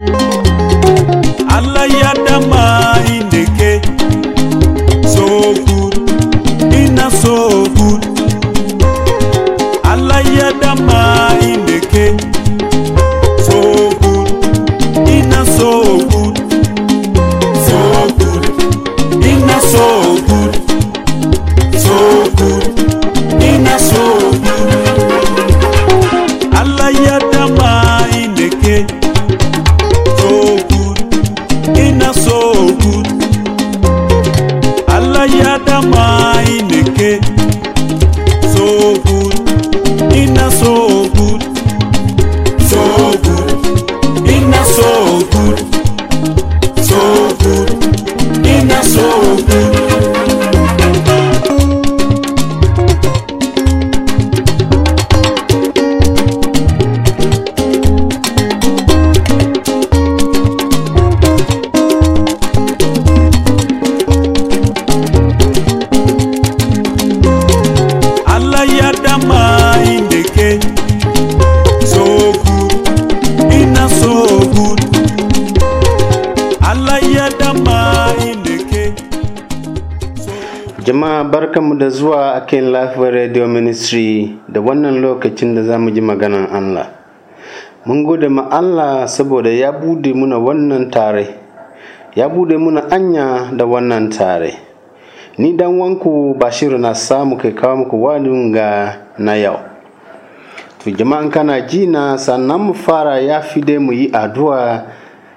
you barkanmu da zuwa a kan Life Radio Ministry da wannan lokacin da za mu ji maganan Allah. Mun gode ma Allah saboda ya bude muna wannan tare, ya bude muna anya da wannan tare. Ni dan wanku Bashiru na samu kai kawo muku wani ga na yau. To jama'an kana ji na sannan mu fara ya fi dai mu yi addu'a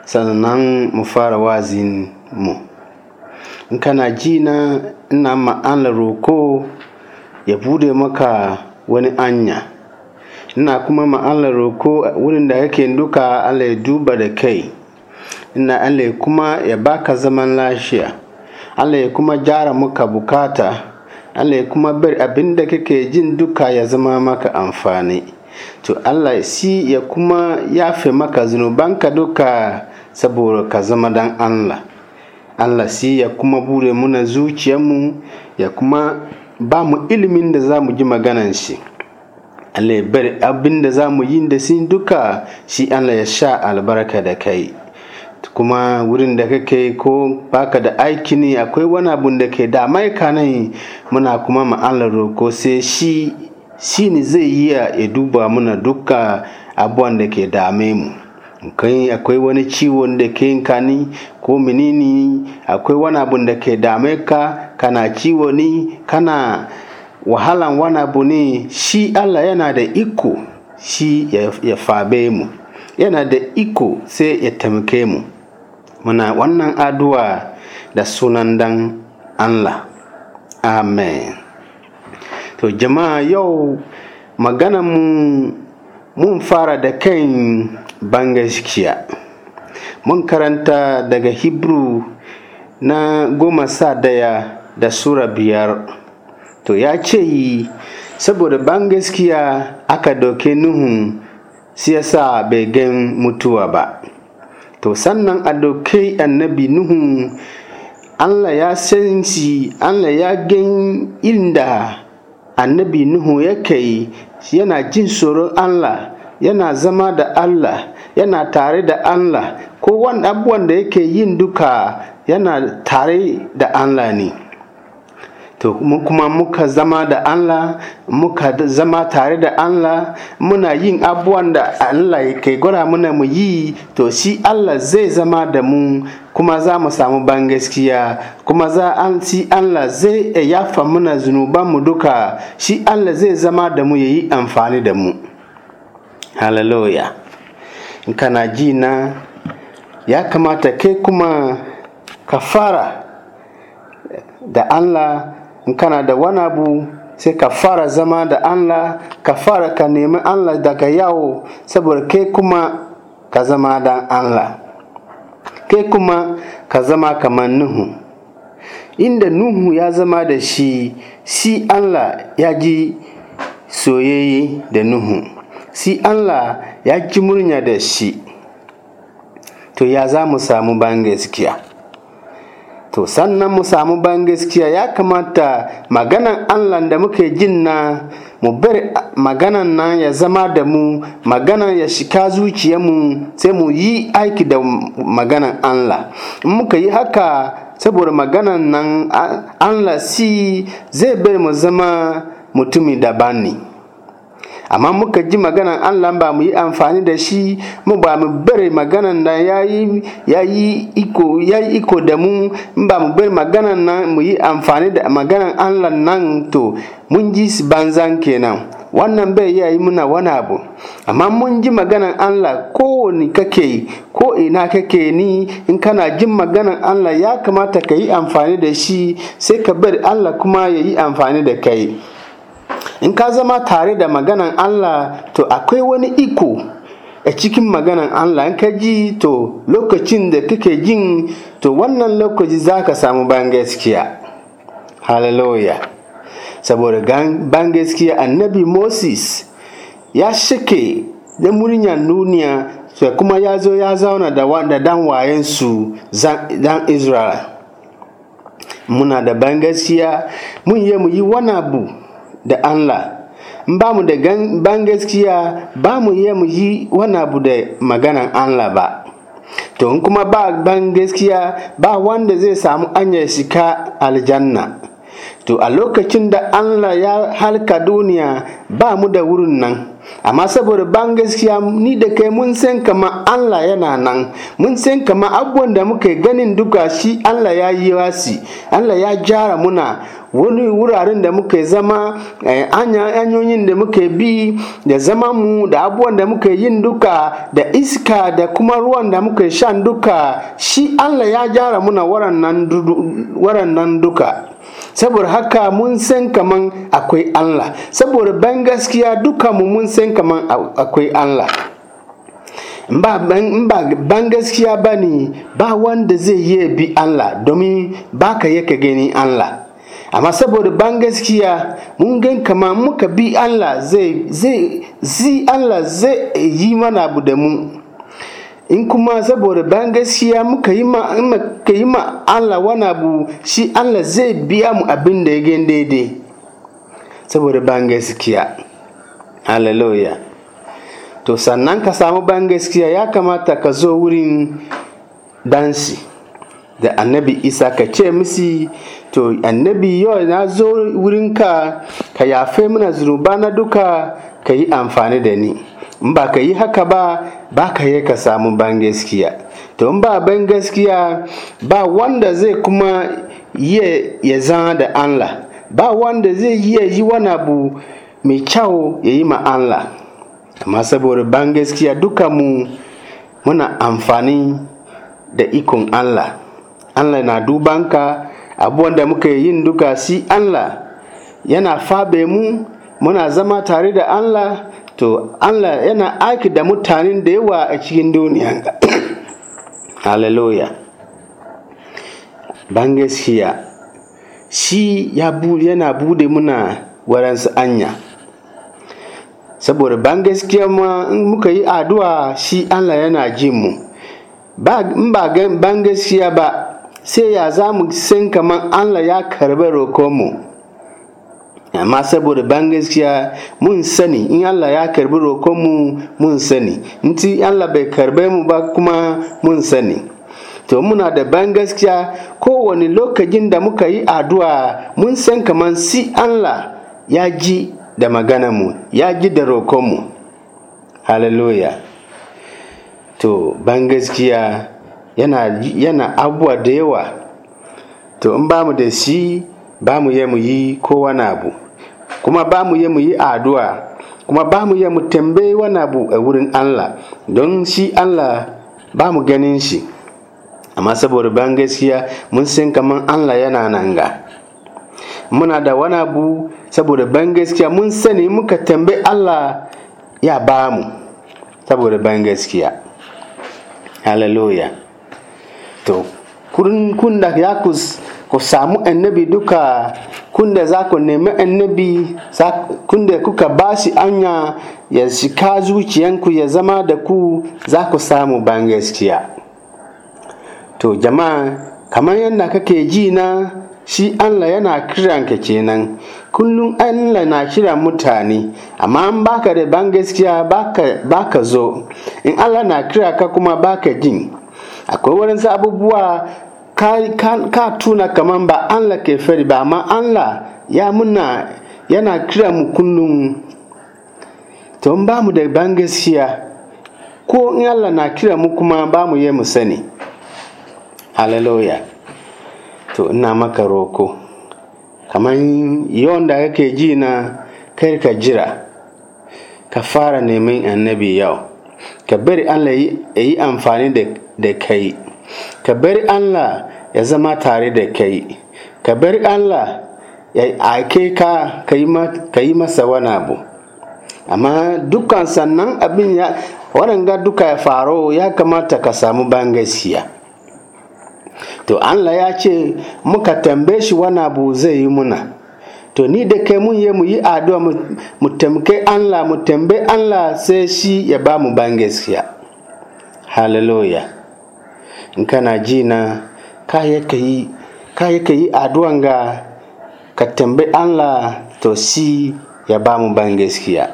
sannan mu fara wazin mu. in kana ji na ina ma'ala roko ya bude maka wani anya ina kuma ma'ala roko wurin da yake duka ala ya duba da kai ina kuma ya baka zaman lafiya ala ya kuma jara muka bukata ala ya kuma bar abin da kake jin duka ya zama maka amfani to Allah si ya kuma yafe maka zunubanka duka saboda ka zama dan Allah Allah si ya kuma bure muna zuciyarmu ya kuma ba mu ilimin da za mu ji maganan shi Allah ya bari abin da za mu yi da sin duka shi Allah ya sha albarka da kai kuma wurin da kake ko baka da aiki ne akwai wani abu da ke da mai nan muna kuma ma'alar roko sai shi shi ne zai yi ya duba muna duka abuwan da ke dame mu kai akwai wani ciwo da ke kani ko menene akwai wani abun da ke dame ka kana ciwo ne kana wahalan wani abu ne shi Allah yana da iko shi ya fabe mu yana da iko sai ya taimake mu muna wannan addu'a da sunan dan Allah amen to jama'a yau maganan mu mun fara da kan bangaskiya mun karanta daga hebrew na goma sa daya da sura biyar to ya ce yi saboda bangaskiya aka doke nuhu siyasa bai gan mutuwa ba to sannan a doke annabi nuhu allah ya san allah ya gan inda annabi Nuhu yake yi yana jin tsoron Allah yana zama da Allah yana tare da Allah ko wani abubuwan da yake yin duka yana tare da Allah ne. to kuma muka zama da Allah muka zama tare da Allah muna yin abubuwan da Allah ya kai muna mu yi to shi Allah zai zama da mu kuma za mu samu ban gaskiya kuma za an ci Allah zai eh, yafa muna zunuban mu duka shi Allah zai zama da mu yayi amfani da mu hallelujah in kana ji na ya kamata kai kuma kafara fara da Allah in kana da wani abu sai ka fara zama da Allah ka fara ka nemi Allah daga yawo saboda kai kuma ka zama da Allah kai kuma ka zama kamar Nuhu inda Nuhu ya zama da shi si Allah ya ji soyayye da Nuhu si Allah ya ji murya da shi to ya za mu samu ban gaskiya to sannan mu samu ban gaskiya ya kamata maganan allah da muke jin na mu bar maganan nan ya zama da mu maganan ya shika zuciyarmu sai mu yi aiki da maganan allah in muka yi haka saboda maganan nan allah si zai bar mu zama mutumi daban ne amma muka ji maganan Allah ba mu yi amfani da shi mu ba mu bari maganan nan yayi yayi iko da mu ba mu bari maganan nan mu yi amfani da maganan Allah nan to mun ji banzan kenan wannan bai iya yi muna wani abu amma mun ji maganan Allah ni kake ko ina kake ni in kana jin maganan Allah ya kamata ka yi amfani da shi sai ka bari Allah kuma ya yi amfani da kai in ka zama tare da maganan Allah to akwai wani iko a cikin maganan Allah in ka ji to lokacin da kake jin to wannan lokaci za ka samu bayan gaskiya hallelujah saboda bayan gaskiya annabi Moses ya shake da muryan duniya to kuma ya zo ya zauna da wanda dan wayensu dan Israel muna da bayan mun yi mu yi wani abu da Allah ba mu da ban gaskiya ba mu iya mu yi wani abu da maganan Allah ba to in kuma ba ban gaskiya ba wanda zai samu anyar shika aljanna to a lokacin da Allah ya halka duniya ba mu da wurin nan amma saboda ban gaskiya ni da kai mun san kama Allah yana nan mun san kama abubuwan da muka ganin duka shi Allah ya yi wasi Allah ya jara muna wani wuraren da muka zama eh, hanyoyin da muka bi da zama mu da abubuwan da muka yin duka da iska da kuma ruwan da muka shan duka shi Allah ya jara muna nan duka saboda haka mun san kaman akwai Allah saboda ban gaskiya duka mu mun san kaman akwai Allah ba ban gaskiya ba ne ba wanda zai yi bi Allah domin ba ka ka gani Allah amma saboda ban gaskiya mun gan kama muka bi Allah zai zi Allah zai yi mana abu da mu in kuma saboda ban gaskiya muka yi ma yi ma Allah wani abu shi Allah zai biya mu abin da ya gani daidai saboda ban gaskiya hallelujah to sannan ka samu ban gaskiya ya kamata ka zo wurin dansi da annabi isa ka ce misi to annabi yau na zo wurin ka ka yafe mana zunuba na duka ka yi amfani da ni in ba ka yi haka ba ba ka yi ka samu ban gaskiya to in ba ban gaskiya ba wanda zai kuma yi ya zama da allah ba wanda zai ya yi wani abu mai kyau ya yi ma Allah amma saboda ban gaskiya duka mu muna amfani da ikon Allah Allah na duban ka abubuwan da muka yin duka si Allah yana fabe mu muna zama tare da Allah to Allah yana aiki da mutanen da yawa a cikin duniya hallelujah ban gaskiya shi yana bude muna waransu anya saboda ban gaskiya ma in muka yi addu'a shi Allah yana jin mu ba in ba ban gaskiya ba sai ya za mu san kaman Allah ya karba roƙon mu amma saboda ban gaskiya mun sani in Allah ya karbi roƙon mu mun sani in ti Allah bai karbe mu ba kuma mun sani to muna da ban gaskiya kowane lokacin da muka yi addu'a mun san kaman si Allah ya ji da maganarmu ya ji da roƙonmu hallelujah to ban gaskiya yana, yana da yawa to in ba mu da shi ba mu yi mu yi kowane abu kuma ba mu yi mu yi addu'a kuma ba mu yi mu tambayi wani abu a wurin allah don shi allah ba mu ganin shi amma saboda ban gaskiya mun san kamar allah yana nan ga muna da wani abu saboda ban gaskiya mun sani muka tambayi Allah ya ba mu saboda ban gaskiya hallelujah to kun da ya ku samu annabi duka kun da za ku nemi annabi kun da kuka ba shi anya ya shika zuciyanku ya zama da ku za ku samu ban gaskiya to jama'a kamar yadda kake ji na shi Allah yana ka kenan kullum Allah na kira mutane amma an baka da ban gaskiya baka, baka zo in Allah na kira ka kuma baka jin akwai wurin abubuwa ka, tuna kaman ba Allah ke fari ba amma Allah ya muna yana kira mu kullum to ba mu da ban gaskiya ko in Allah na kira mu kuma ba mu yi mu sani hallelujah to ina maka roko kamar yawan da kake ji na kai ka jira ka fara neman annabi yau ka bari allah ya yi amfani da kai ka bari allah ya zama tare da kai ka bari allah ya ake ka ka yi masa wani abu amma dukkan sannan abin ya wadanda duka ya faro ya kamata ka samu bangaskiya to Allah ya ce muka tambaye shi wani abu zai yi muna to ni da kai mun yi mu yi addu'a mu an Allah mu tambaye Allah sai shi ya ba mu ban gaskiya hallelujah in kana ji na ka yi kaya ka yi addu'an ga ka tambaye Allah to shi ya ba mu ban gaskiya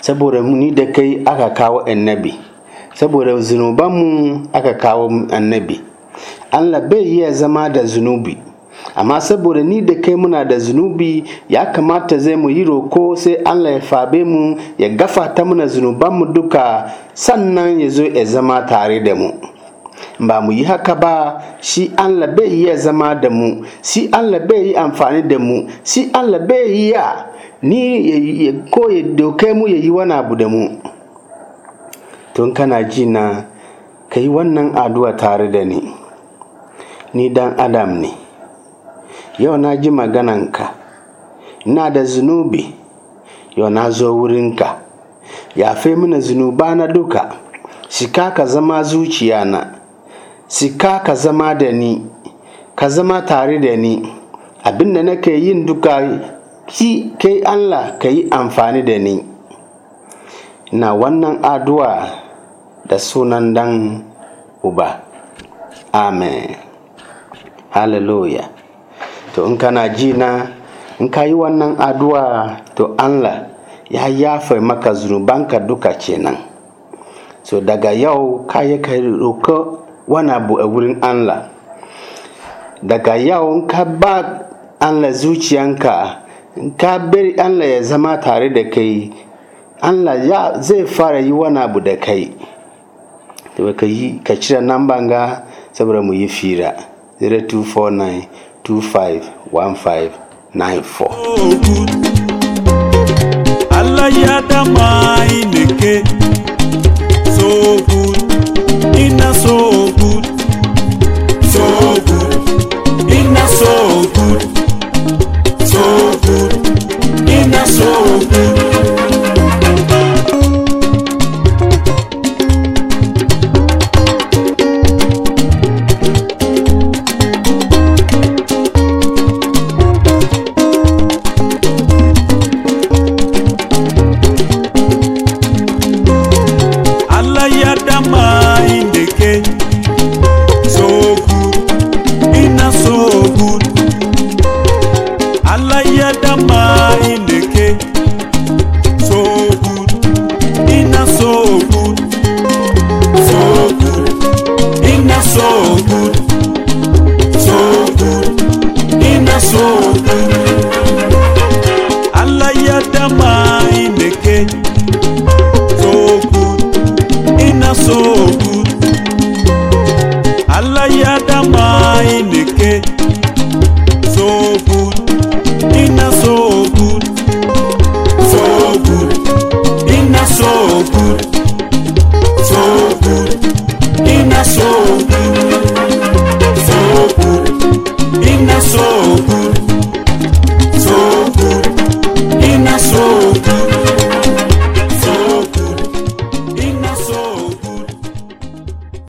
saboda ni da kai aka kawo annabi saboda zunubanmu aka kawo annabi Allah bai iya zama da zunubi amma saboda ni da kai muna da zunubi ya kamata zai mu yi roko sai Allah ya fabe mu ya gafata mana mu duka sannan ya zo ya zama tare da mu ba mu yi haka ba shi Allah bai iya zama da mu shi Allah bai yi amfani da mu shi Allah bai ya ni ko koye doke mu ya yi wani abu da mu tun kana ji na ka yi wannan addu'a tare da ni ni dan adam ne yau na ji magananka na da zunubi yau na zo wurinka yafe mini zunuba na duka shika ka zama zuciya na shika ka zama da ni ka zama tare da ni abinda nake yin duka ki kai allah ka yi amfani da ni na wannan addu'a da sunan dan uba amen hallelujah to in kana ji na in ka yi wannan addu'a to allah ya yafe maka zunubanka duka kenan so daga yau ka yi ka roƙo wani abu a wurin allah daga yau in ka ba allah zuciyanka in ka bari allah ya zama tare da kai allah ya zai fara yi wani abu da kai yi ka cire nan banga saboda mu yi fira zero two four nine two five one five nine four. alayadama ineke so good ina so good so good ina so good so good ina so good. binadamu ini